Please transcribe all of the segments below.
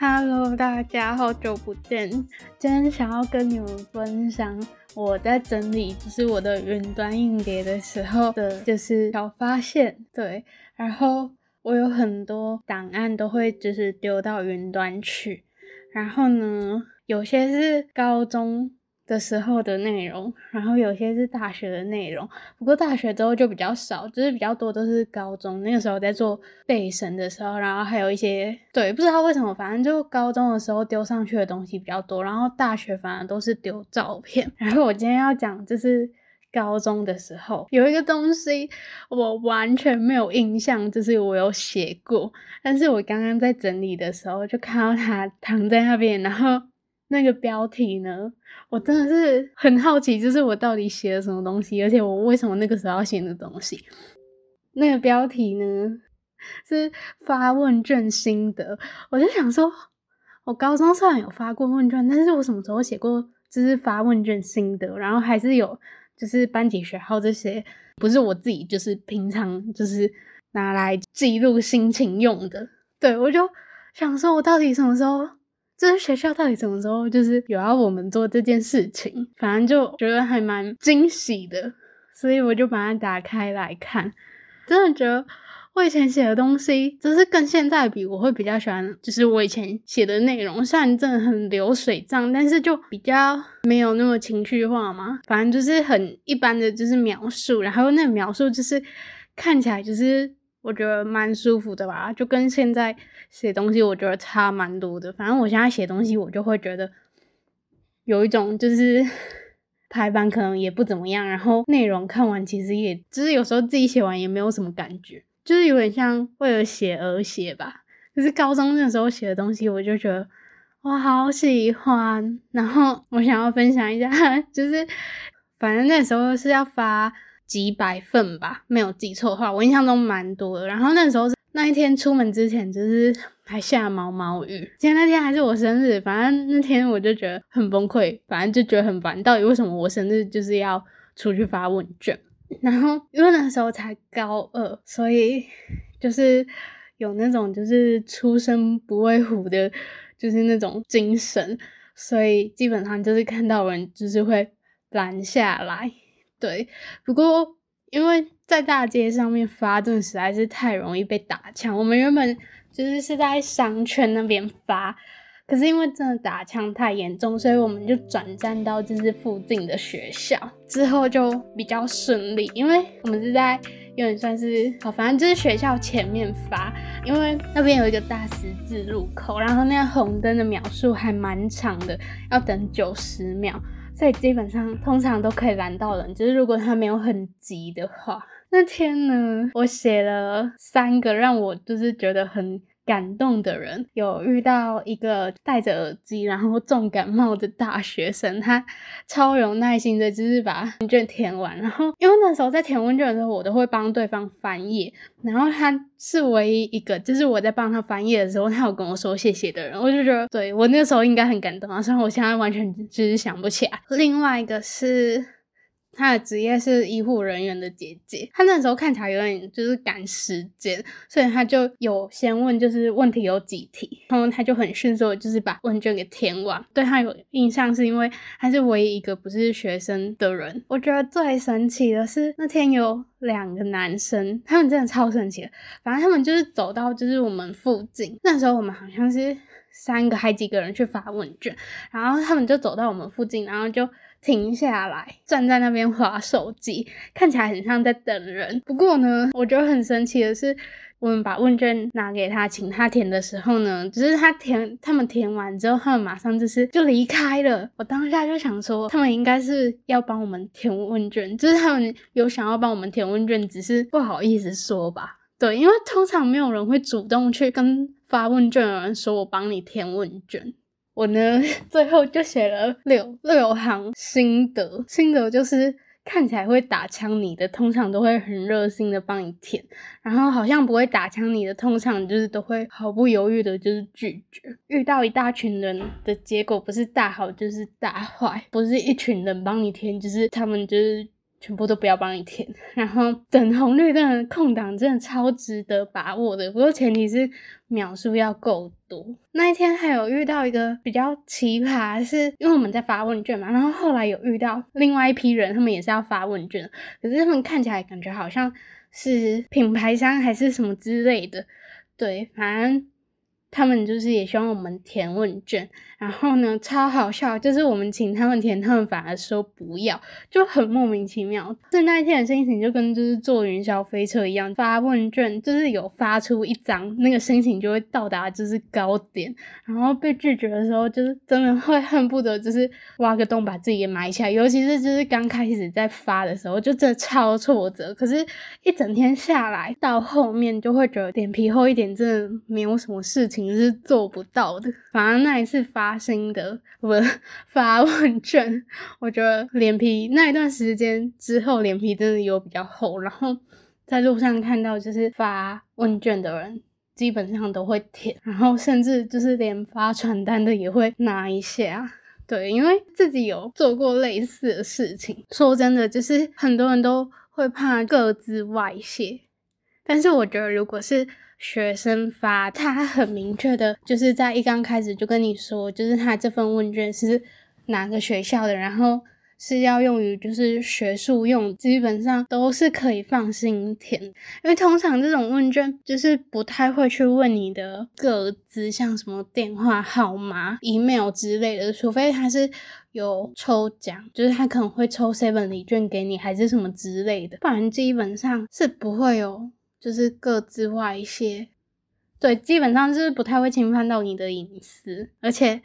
哈嘍，大家好久不見。今天想要跟你們分享我在整理就是我的雲端硬碟的時候的，就是小發現。對，然後我有很多檔案都會就是丟到雲端去，然後呢，有些是高中的時候的內容，然後有些是大學的內容，不過大學之後就比較少，就是比較多都是高中那個時候在做備審的時候，然後還有一些對，不知道為什麼，反正就高中的時候丟上去的東西比較多，然後大學反而都是丟照片。然後我今天要講就是高中的時候有一個東西我完全沒有印象，就是我有寫過，但是我剛剛在整理的時候就看到它躺在那邊，然後。那個標題呢？我真的是很好奇，就是我到底寫了什麼東西，而且我為什麼那個時候要寫的東西？那個標題呢，是發問卷心得。我就想說，我高中雖然有發過問卷，但是我什麼時候寫過，就是發問卷心得？然後還是有，就是班級學號這些，不是我自己，就是平常就是拿來記錄心情用的。對，我就想說，我到底什麼時候？這是學校到底什麼時候，就是有要我們做這件事情？反正就覺得還蠻驚喜的，所以我就把它打開來看。真的覺得我以前寫的東西，就是跟現在比，我會比較喜歡，就是我以前寫的內容，雖然真的很流水賬，但是就比較沒有那麼情緒化嘛。反正就是很一般的就是描述，然後那個描述就是看起來就是。我覺得蠻舒服的吧，就跟現在寫東西，我覺得差蠻多的。反正我現在寫東西，我就會覺得有一種，就是排版可能也不怎麼樣，然後內容看完其實也就是有時候自己寫完也沒有什麼感覺，就是有點像為了寫而寫吧。可是高中那時候寫的東西，我就覺得我好喜歡，然後我想要分享一下，就是反正那時候是要發。幾百份吧，沒有記錯的話，我印象中蠻多的。然後那時候是那一天出門之前，就是還下毛毛雨。其實那天還是我生日，反正那天我就覺得很崩潰，反正就覺得很煩。到底為什麼我生日就是要出去發問卷？然後因為那時候才高二，所以就是有那種就是初生不畏虎的，就是那種精神，所以基本上就是看到人就是會攔下來。對，不過因為在大街上面發，真的實在是太容易被打槍。我們原本就是是在商圈那邊發，可是因為真的打槍太嚴重，所以我們就轉戰到就是附近的學校，之後就比較順利。因為我們是在有點算是，哦，反正就是學校前面發，因為那邊有一個大十字路口，然後那個紅燈的秒數還蠻長的，要等九十秒。所以基本上通常都可以攔到人，就是如果他沒有很急的話。那天呢，我寫了三個讓我就是覺得很。感動的人。有遇到一個戴着耳機，然後重感冒的大學生，他超有耐心的，就是把問卷填完。然後因為那時候在填問卷的時候，我都會幫對方翻頁，然後他是唯一一個，就是我在幫他翻頁的時候，他有跟我說謝謝的人。我就覺得，對，我那個時候應該很感動啊，雖然我現在完全只是想不起來。另外一個是。他的職業是醫護人員的姐姐，他那時候看起來有點就是趕時間，所以他就有先問就是問題有幾題，然後他就很迅速就是把問卷給填完。對，他有印象是因為他是唯一一個不是學生的人。我覺得最神奇的是那天有兩個男生，他們真的超神奇的。反正他們就是走到就是我們附近，那時候我們好像是三個還幾個人去發問卷，然後他們就走到我們附近，然後就。停下來，站在那邊滑手機，看起來很像在等人。不過呢，我覺得很神奇的是，我們把問卷拿給他，請他填的時候呢，只、就是他填，他們填完之後，他們馬上就是就離開了。我當下就想說，他們應該是要幫我們填問卷，就是他們有想要幫我們填問卷，只是不好意思說吧。對，因為通常沒有人會主動去跟發問卷的人說，我幫你填問卷。我呢，最後就寫了六六行心得，心得就是看起來會打槍你的，通常都會很熱心的幫你填；然後好像不會打槍你的，通常就是都會毫不猶豫的，就是拒絕。遇到一大群人的結果，不是大好就是大壞，不是一群人幫你填，就是他們就是。全部都不要幫你填，然後等紅綠燈的空檔真的超值得把握的，不過前提是秒數要夠多。那一天還有遇到一個比較奇葩，是因為我們在發問卷嘛，然後後來有遇到另外一批人，他們也是要發問卷，可是他們看起來感覺好像是品牌商還是什麼之類的，對，反正。他們就是也希望我們填問卷，然後呢，超好笑，就是我們請他們填，他們反而說不要，就很莫名其妙。就是那一天的心情就跟就是坐雲霄飛車一樣，發問卷就是有發出一張，那個心情就會到達就是高點，然後被拒絕的時候就是真的會恨不得就是挖個洞把自己給埋起來，尤其是就是剛開始在發的時候就真的超挫折，可是一整天下來到後面就會覺得臉皮厚一點，真的沒有什麼事情。其實是做不到的。反正那一次發新的，我的發問卷，我覺得臉皮那一段時間之後，臉皮真的有比較厚。然後在路上看到就是發問卷的人，基本上都會填，然後甚至就是連發傳單的也會拿一些啊。對，因為自己有做過類似的事情。說真的，就是很多人都會怕個資外洩，但是我覺得如果是。學生發他很明確的，就是在一剛開始就跟你說，就是他這份問卷是哪個學校的，然後是要用於就是學術用，基本上都是可以放心填。因為通常這種問卷就是不太會去問你的個資，像什麼電話號碼、email 之類的，除非他是有抽獎，就是他可能會抽7-11禮券給你，還是什麼之類的，不然基本上是不會有。就是各自化一些，對，基本上就是不太會侵犯到你的隱私。而且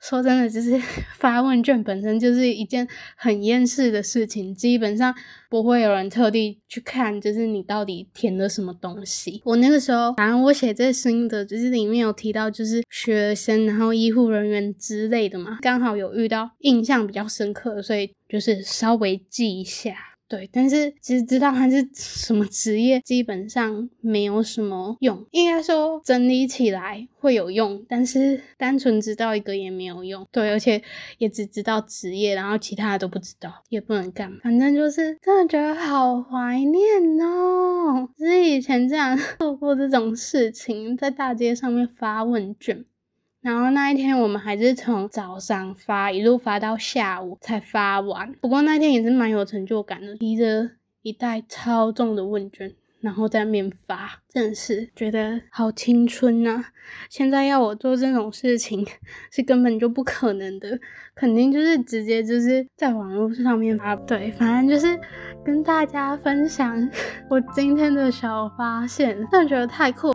說真的，就是發問卷本身就是一件很厭世的事情，基本上不會有人特地去看，就是你到底填了什麼東西。我那個時候，反、啊、正我寫這新的，就是裡面有提到就是學生，然後醫護人員之類的嘛，剛好有遇到，印象比較深刻，所以就是稍微記一下。對，但是只知道他是什麼職業，基本上沒有什麼用。應該說整理起來會有用，但是單純知道一個也沒有用。對，而且也只知道職業，然後其他的都不知道，也不能幹嘛。反正就是真的覺得好懷念哦，就是以前這樣做過這種事情，在大街上面發問卷。然後那一天我們還是從早上發，一路發到下午才發完。不過那天也是蠻有成就感的，提着一袋超重的問卷，然後在面發，真的是覺得好青春吶、啊、現在要我做這種事情是根本就不可能的，肯定就是直接就是在網絡上面發。對，反正就是跟大家分享我今天的小發現，真的覺得太酷。